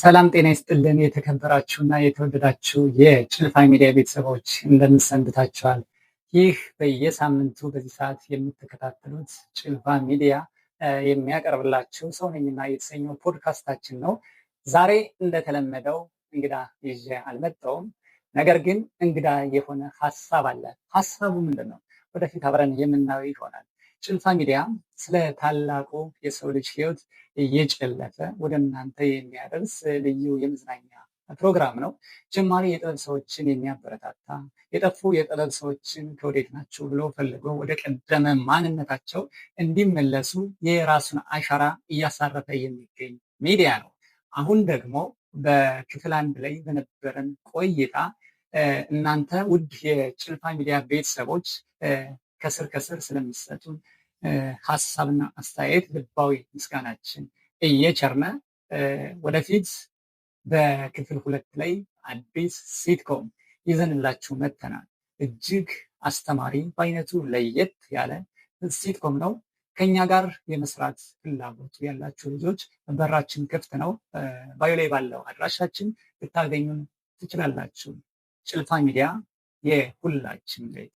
ሰላም ጤና ይስጥልን። የተከበራችሁና የተወደዳችሁ የጭልፋ ሚዲያ ቤተሰቦች እንደምሰንብታችኋል። ይህ በየሳምንቱ በዚህ ሰዓት የምትከታተሉት ጭልፋ ሚዲያ የሚያቀርብላችሁ ሰው ነኝና የተሰኘው ፖድካስታችን ነው። ዛሬ እንደተለመደው እንግዳ ይዤ አልመጣውም። ነገር ግን እንግዳ የሆነ ሀሳብ አለ። ሀሳቡ ምንድን ነው? ወደፊት አብረን የምናየው ይሆናል። ጭልፋ ሚዲያ ስለ ታላቁ የሰው ልጅ ሕይወት እየጨለፈ ወደ እናንተ የሚያደርስ ልዩ የመዝናኛ ፕሮግራም ነው። ጀማሪ የጥበብ ሰዎችን የሚያበረታታ የጠፉ የጥበብ ሰዎችን ከወዴት ናቸው ብሎ ፈልጎ ወደ ቀደመ ማንነታቸው እንዲመለሱ የራሱን አሻራ እያሳረፈ የሚገኝ ሚዲያ ነው። አሁን ደግሞ በክፍል አንድ ላይ በነበረን ቆይታ እናንተ ውድ የጭልፋ ሚዲያ ቤተሰቦች ከስር ከስር ስለምሰጡን ሀሳብና አስተያየት ልባዊ ምስጋናችን እየቸርነ ወደፊት በክፍል ሁለት ላይ አዲስ ሲትኮም ይዘንላችሁ መተናል። እጅግ አስተማሪ በአይነቱ ለየት ያለ ሲትኮም ነው። ከኛ ጋር የመስራት ፍላጎቱ ያላችሁ ልጆች በራችን ክፍት ነው። ባዩ ላይ ባለው አድራሻችን ልታገኙን ትችላላችሁ። ጭልፋ ሚዲያ የሁላችን ቤት